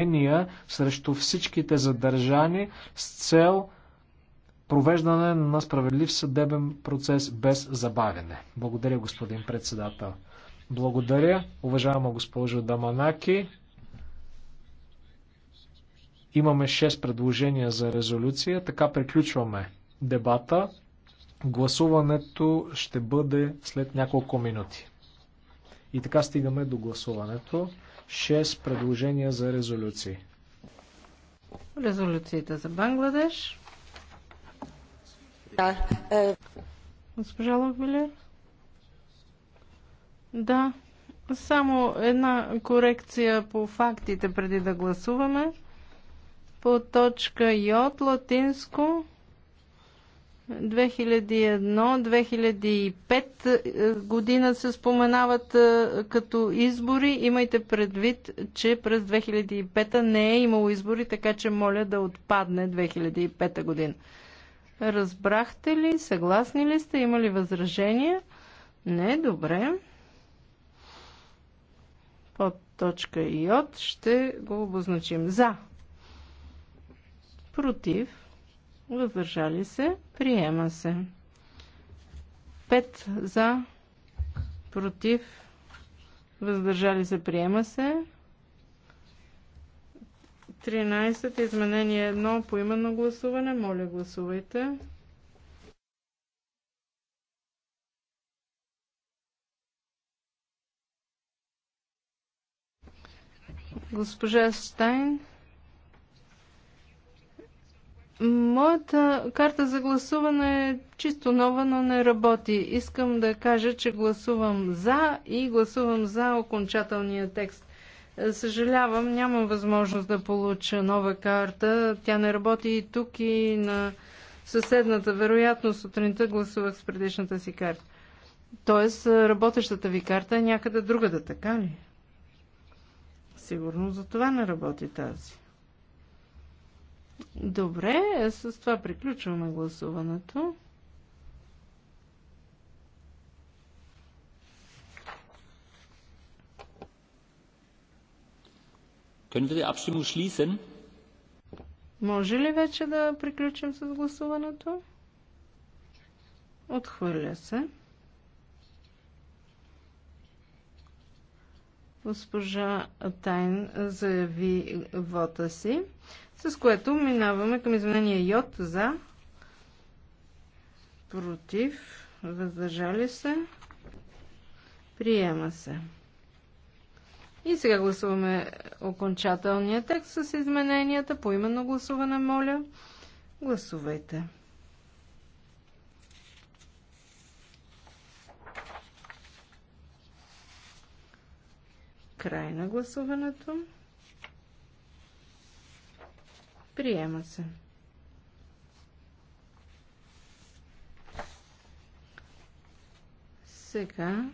обвинения срещу всичките задържани с цел провеждане на справедлив съдебен процес без забавене. Благодаря, господин председател. Благодаря, уважаема госпожо Даманаки. Имаме 6 предложения за резолюция. Така приключваме дебата. Гласуването ще бъде след няколко минути. И така стигаме до гласуването. 6 предложения за резолюции. Резолюцията за Бангладеш. Да. Е... Госпожа Лохмилер? Да. Само една корекция по фактите преди да гласуваме. По точка Й, латинско, 2001-2005 е, година се споменават е, като избори. Имайте предвид, че през 2005 не е имало избори, така че моля да отпадне 2005 година. Разбрахте ли? Съгласни ли сте? Има ли възражения? Не, добре. Под точка И от ще го обозначим. За. Против въздържали се, приема се. 5 за, против, въздържали се, приема се. 13. Изменение 1 по именно гласуване. Моля, гласувайте. Госпожа Стайн. Моята карта за гласуване е чисто нова, но не работи. Искам да кажа, че гласувам за и гласувам за окончателния текст. Е, съжалявам, нямам възможност да получа нова карта. Тя не работи и тук, и на съседната. Вероятно сутринта гласувах с предишната си карта. Тоест, е, работещата ви карта е някъде другата, така ли? Сигурно за това не работи тази. Добре, с това приключваме гласуването. Може ли вече да приключим с гласуването? Отхвърля се. Госпожа Тайн заяви вота си. С което минаваме към изменение йод за против, въздържали се, приема се. И сега гласуваме окончателния текст с измененията. По именно гласуване, моля. Гласувайте. Край на гласуването. Приема се. Сега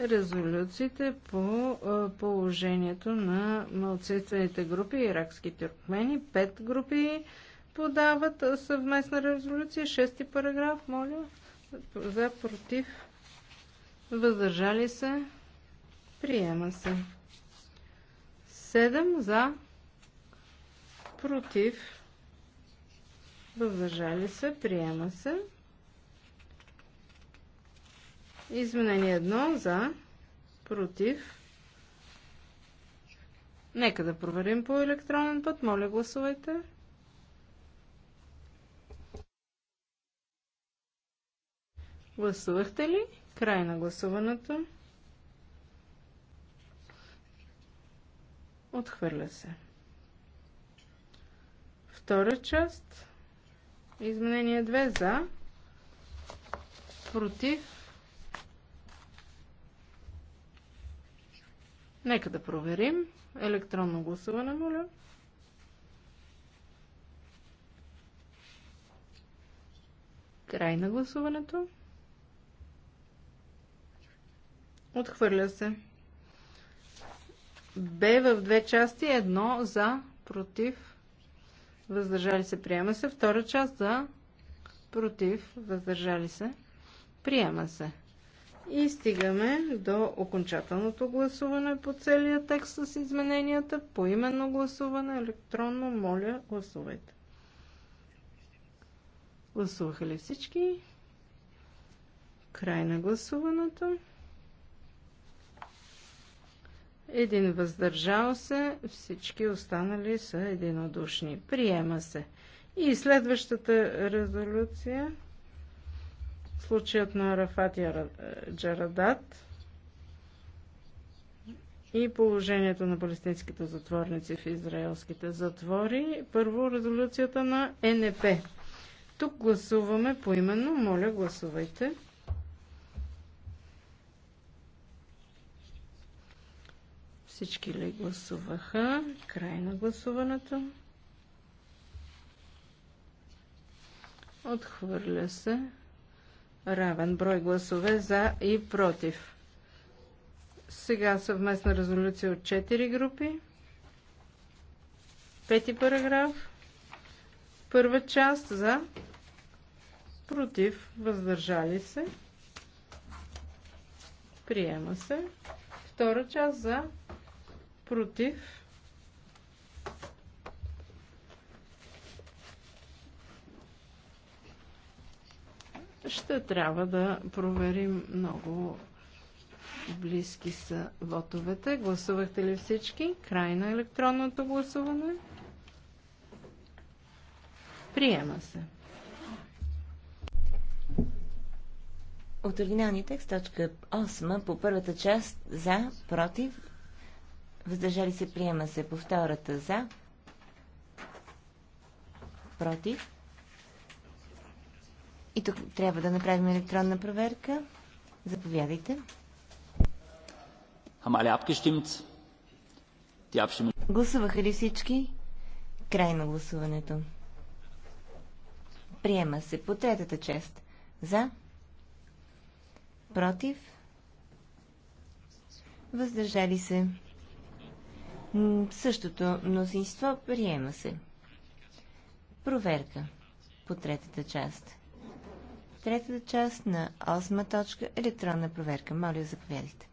резолюциите по положението на малцинствените групи иракски тюркмени. Пет групи подават съвместна резолюция. Шести параграф, моля. За, против, въздържали се. Приема се. Седем за, против, въздържали се, приема се. Изменение 1 за, против. Нека да проверим по електронен път. Моля, гласувайте. Гласувахте ли? Край на гласуването. Отхвърля се. Втора част. Изменение 2 за. Против. Нека да проверим. Електронно гласуване, моля. Край на гласуването. Отхвърля се. Б в две части. Едно за, против, въздържали се, приема се. Втора част за, против, въздържали се, приема се. И стигаме до окончателното гласуване по целия текст с измененията. По именно гласуване, електронно, моля, гласувайте. Гласуваха ли всички? Край на гласуването един въздържал се, всички останали са единодушни. Приема се. И следващата резолюция, случаят на Арафат Джарадат и положението на палестинските затворници в израелските затвори. Първо резолюцията на НП. Тук гласуваме поименно. Моля, гласувайте. Всички ли гласуваха? Край на гласуването. Отхвърля се. Равен брой гласове за и против. Сега съвместна резолюция от 4 групи. Пети параграф. Първа част за против, въздържали се. Приема се. Втора част за против, ще трябва да проверим много близки са вотовете. Гласувахте ли всички? Край на електронното гласуване. Приема се. От оригиналния текст, точка 8, по първата част за, против, Въздържали се приема се по втората за. Против. И тук трябва да направим електронна проверка. Заповядайте. Гласуваха ли всички? Край на гласуването. Приема се по третата част. За. Против. Въздържали се. Същото мнозинство приема се. Проверка по третата част. Третата част на осма точка електронна проверка. Моля, заповядайте.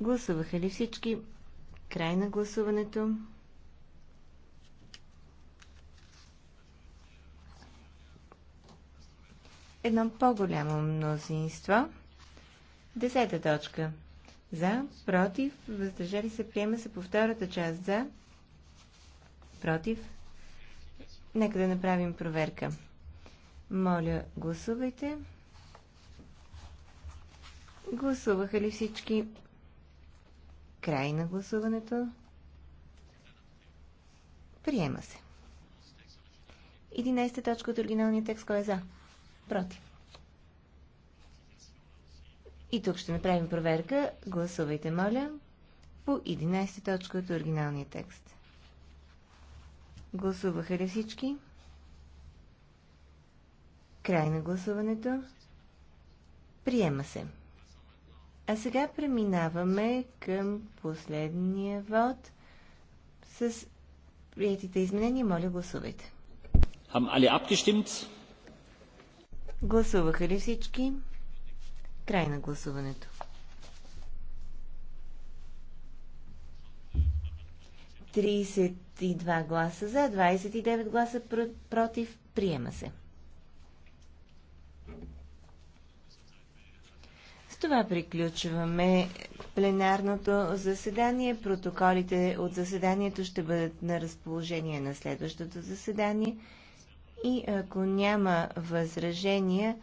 Гласуваха ли всички? Край на гласуването. Едно по-голямо мнозинство. Десета точка. За, против, въздържали се, приема се по втората част. За, против. Нека да направим проверка. Моля, гласувайте. Гласуваха ли всички? Край на гласуването. Приема се. 11 точка от оригиналния текст. Кой е за? Против. И тук ще направим проверка. Гласувайте, моля, по 11 точка от оригиналния текст. Гласуваха ли всички? Край на гласуването. Приема се. А сега преминаваме към последния вод с приятите изменения. Моля, гласувайте. Гласуваха ли всички? Край на гласуването. Тридесет и два гласа за, 29 гласа против. Приема се. С това приключваме пленарното заседание. Протоколите от заседанието ще бъдат на разположение на следващото заседание. И ако няма възражения,